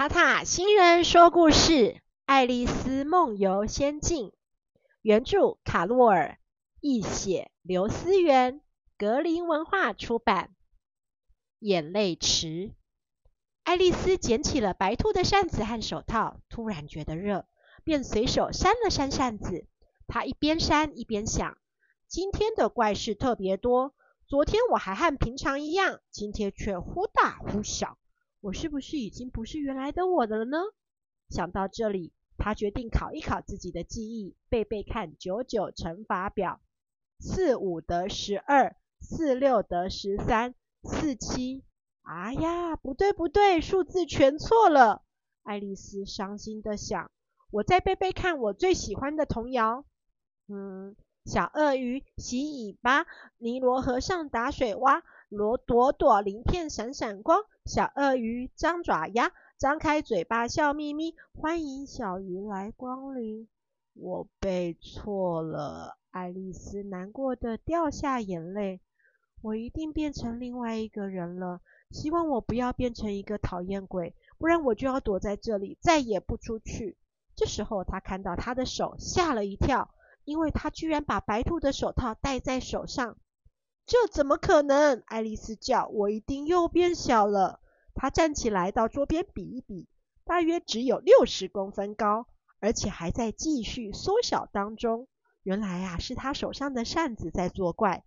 塔塔新人說故事，《愛麗絲夢遊仙境》原著卡洛爾，譯寫劉思源，格林文化出版。眼淚池，愛麗絲撿起了白兔的扇子和手套，突然覺得熱，便隨手扇了扇扇子。她一邊扇一邊想：今天的怪事特別多，昨天我還和平常一樣，今天卻忽大忽小。我是不是已經不是原來的我的了呢？想到這裡，他決定考一考自己的記憶，背背看九九乘法表。四五得十二，四六得十三，四七……哎呀，不對不對，數字全錯了！愛麗絲傷心的想，我再背背看我最喜歡的童謠。嗯。小鱷魚洗尾巴，尼羅河上打水哇，羅朵朵鱗片閃閃光。小鱷魚張爪牙，張開嘴巴笑眯眯，歡迎小魚來光臨。我背錯了，愛麗絲難過的掉下眼淚。我一定變成另外一個人了，希望我不要變成一個討厭鬼，不然我就要躲在這裡再也不出去。這時候，她看到她的手，嚇了一跳。因為他居然把白兔的手套戴在手上，這怎麼可能？愛麗絲叫：“我一定又變小了。”她站起來到桌邊比一比，大約只有六十公分高，而且還在繼續縮小當中。原來呀，是他手上的扇子在作怪，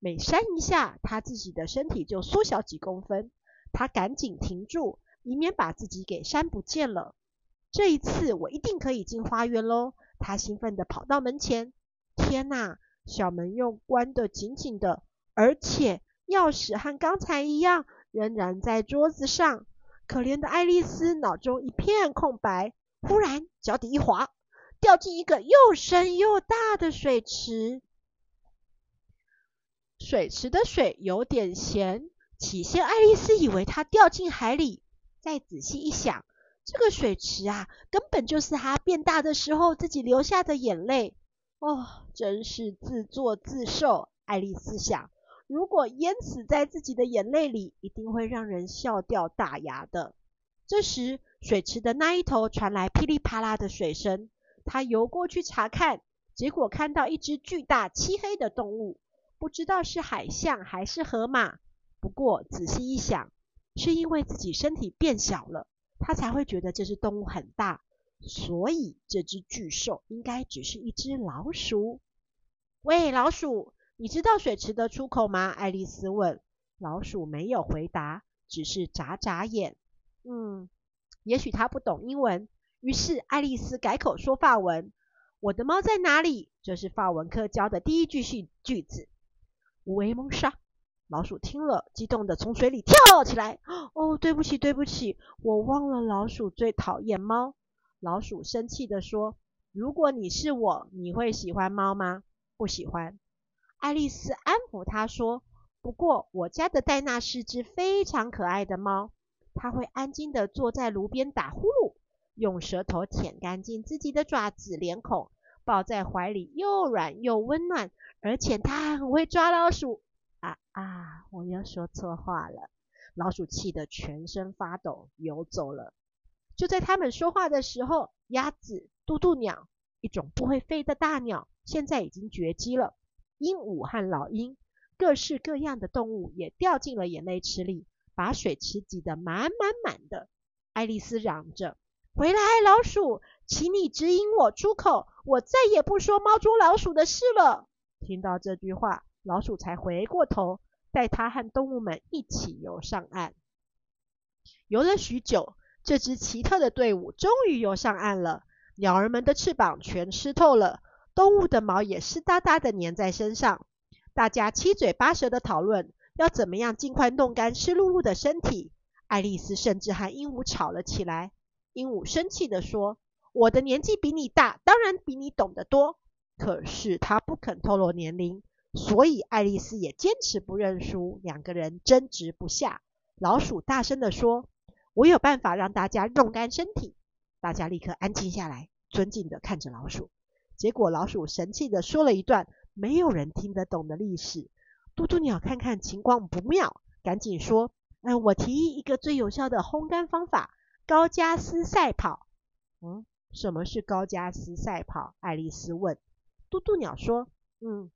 每扇一下，他自己的身體就縮小幾公分。他趕緊停住，以免把自己給扇不見了。這一次，我一定可以進花園嘍。他興奮地跑到門前，天哪！小門又關得緊緊的，而且鑰匙和剛才一樣，仍然在桌子上。可憐的愛麗絲腦中一片空白，忽然腳底一滑，掉進一個又深又大的水池。水池的水有點鹹，起先愛麗絲以為她掉進海裡，再仔細一想。這個水池啊，根本就是她變大的時候自己流下的眼淚哦，真是自作自受。愛麗絲想，如果淹死在自己的眼淚裡，一定會讓人笑掉大牙的。這時，水池的那一頭傳來噼里啪啦的水聲，她游過去查看，結果看到一隻巨大、漆黑的動物，不知道是海象還是河馬。不過仔細一想，是因為自己身體變小了。他才會覺得這隻動物很大，所以這隻巨獸應該只是一隻老鼠。喂，老鼠，你知道水池的出口嗎？愛麗絲問。老鼠沒有回答，只是眨眨眼。嗯，也許他不懂英文。於是愛麗絲改口說法文：“我的貓在哪裡？”這是法文課教的第一句句句子。喂蒙莎。老鼠聽了，激動地從水裡跳了起來。哦，對不起，對不起，我忘了老鼠最討厭貓。老鼠生氣地說：“如果你是我，你會喜歡貓嗎？”“不喜歡。”愛麗絲安撫他說：“不過我家的戴娜是只非常可愛的貓，它會安靜地坐在爐邊打呼嚕，用舌頭舔乾淨自己的爪子、臉孔，抱在懷裡又軟又溫暖，而且它還很會抓老鼠。”啊啊！我又說錯話了。老鼠氣得全身發抖，遊走了。就在他們說話的時候，鴨子、渡渡鳥，一種不會飛的大鳥，現在已經絕跡了。鸚鵡和老鷹，各式各樣的動物也掉進了眼淚池裡，把水池擠得滿滿滿的。愛麗絲嚷着：“回來，老鼠，請你指引我出口。我再也不說貓捉老鼠的事了。”聽到這句話，老鼠才回過頭，帶它和動物們一起游上岸。游了許久，這支奇特的隊伍終於游上岸了。鳥兒們的翅膀全濕透了，動物的毛也濕噠噠的粘在身上。大家七嘴八舌的討論要怎麼樣盡快弄乾濕漉漉的身體。愛麗絲甚至和鸚鵡吵了起來。鸚鵡生氣地說：“我的年紀比你大，當然比你懂得多。”可是它不肯透露年齡。所以愛麗絲也堅持不認輸，兩個人爭執不下。老鼠大聲地說：“我有辦法讓大家弄乾身體。”大家立刻安靜下來，尊敬地看着老鼠。結果老鼠神氣地說了一段沒有人聽得懂的歷史。嘟嘟鳥看看情況不妙，趕緊說：“嗯，我提議一個最有效的烘乾方法——高加斯賽跑。”“嗯，什麼是高加斯賽跑？”愛麗絲問。嘟嘟鳥說：“嗯。”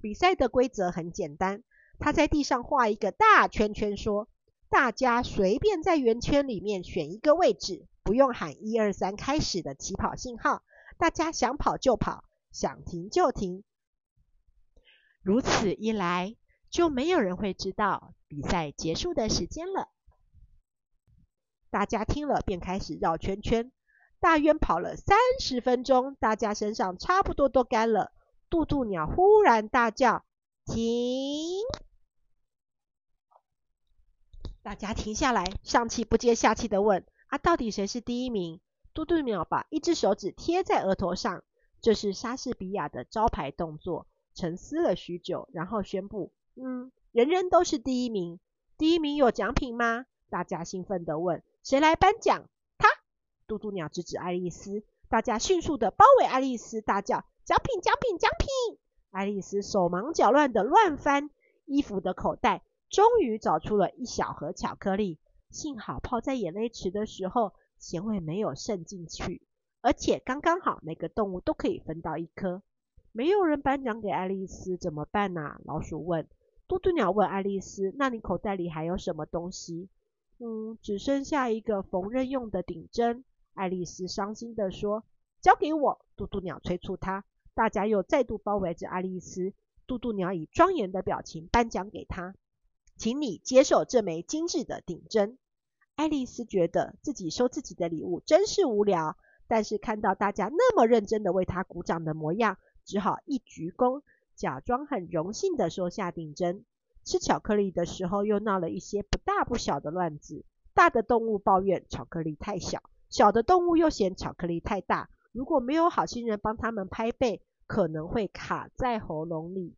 比賽的規則很簡單，他在地上畫一個大圈圈，說：“大家隨便在圓圈裡面選一個位置，不用喊‘一二三’開始的起跑信號，大家想跑就跑，想停就停。”如此一來，就沒有人會知道比賽結束的時間了。大家聽了便開始繞圈圈，大約跑了三十分鐘，大家身上差不多都乾了。渡渡鳥忽然大叫：“停！”大家停下來，上氣不接下氣地問：“啊，到底誰是第一名？”渡渡鳥把一隻手指貼在額頭上，這是莎士比亞的招牌動作。沉思了許久，然後宣布：“嗯，人人都是第一名。第一名有獎品嗎？”大家興奮地問：“誰來頒獎？”他，渡渡鳥指指愛麗絲，大家迅速地包圍愛麗絲，大叫。獎品，獎品，獎品！愛麗絲手忙腳亂的亂翻衣服的口袋，終於找出了一小盒巧克力。幸好泡在眼淚池的時候，鹹味沒有滲進去，而且剛剛好每個動物都可以分到一顆。沒有人頒獎給愛麗絲怎麼辦啊？老鼠問。嘟嘟鳥問愛麗絲：“那你口袋裡還有什麼東西？”“嗯，只剩下一個縫紉用的頂針。”愛麗絲傷心地說。“交給我！”嘟嘟鳥催促她。大家又再度包圍着愛麗絲，渡渡鳥以莊嚴的表情頒獎給她，請你接受這枚精緻的頂針。愛麗絲覺得自己收自己的禮物真是無聊，但是看到大家那麼認真的為她鼓掌的模樣，只好一鞠躬，假裝很榮幸地收下頂針。吃巧克力的時候又鬧了一些不大不小的亂子，大的動物抱怨巧克力太小，小的動物又嫌巧克力太大。如果沒有好心人幫他們拍背，可能會卡在喉嚨裡。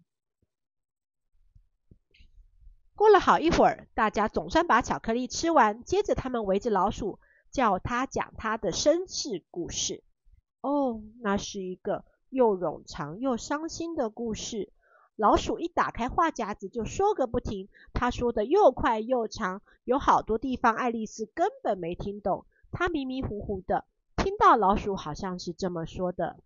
過了好一會兒，大家總算把巧克力吃完。接着，他們圍着老鼠，叫他講他的身世故事。哦，那是一個又冗長又傷心的故事。老鼠一打開話匣子，就說個不停。他說的又快又長，有好多地方愛麗絲根本沒聽懂。她迷迷糊糊的。聽到老鼠好像是這麼說的：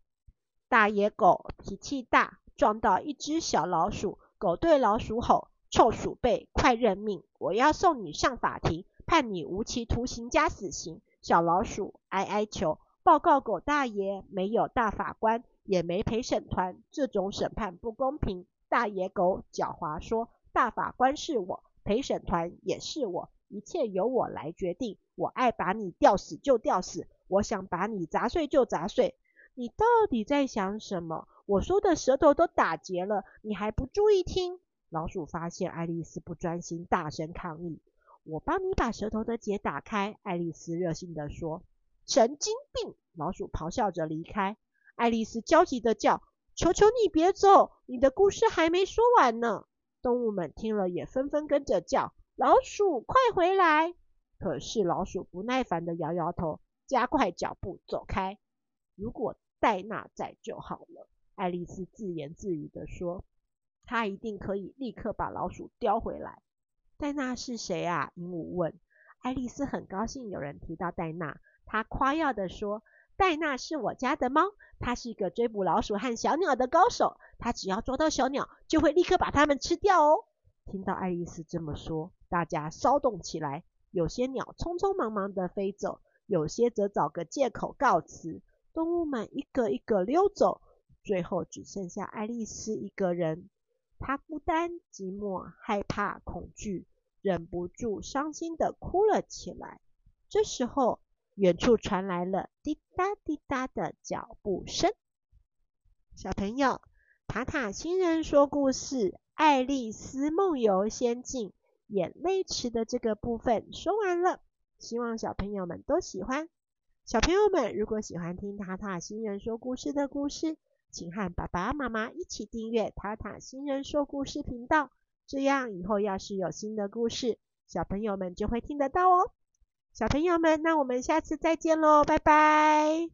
大野狗脾氣大，撞到一隻小老鼠，狗對老鼠吼：“臭鼠輩，快認命！我要送你上法庭，判你無期徒刑加死刑。”小老鼠哀哀求：“報告狗大爺，沒有大法官，也沒陪審團，這種審判不公平。”大野狗狡猾說：“大法官是我，陪審團也是我。”一切由我來決定，我愛把你吊死就吊死，我想把你砸碎就砸碎。你到底在想什麼？我說的舌頭都打結了，你還不注意聽？老鼠發現愛麗絲不專心，大聲抗議。我幫你把舌頭的結打開，愛麗絲熱心的說。神經病！老鼠咆哮着離開。愛麗絲焦急的叫：求求你別走，你的故事還沒說完呢。動物們聽了也紛紛跟着叫。老鼠，快回來！可是老鼠不耐煩地搖搖頭，加快腳步走開。如果戴娜在就好了，愛麗絲自言自語地說，她一定可以立刻把老鼠叼回來。戴娜是誰啊？鸚鵡問。愛麗絲很高興有人提到戴娜，她誇耀地說：“戴娜是我家的貓，她是一個追捕老鼠和小鳥的高手。她只要抓到小鳥，就會立刻把它們吃掉哦。”聽到愛麗絲這麼說，大家騷動起來。有些鳥匆匆忙忙地飛走，有些則找個借口告辭。動物們一個一個溜走，最後只剩下愛麗絲一個人。她孤單、寂寞、害怕、恐懼，忍不住傷心地哭了起來。這時候，遠處傳來了滴答滴答的腳步聲。小朋友，塔塔星人說故事。《愛麗絲夢遊仙境》眼淚池的這個部分說完了，希望小朋友們都喜歡。小朋友們，如果喜歡聽塔塔新人說故事的故事，請和爸爸媽媽一起訂閱塔塔新人說故事頻道，這樣以後要是有新的故事，小朋友們就會聽得到哦。小朋友們，那我們下次再見嘍，拜拜。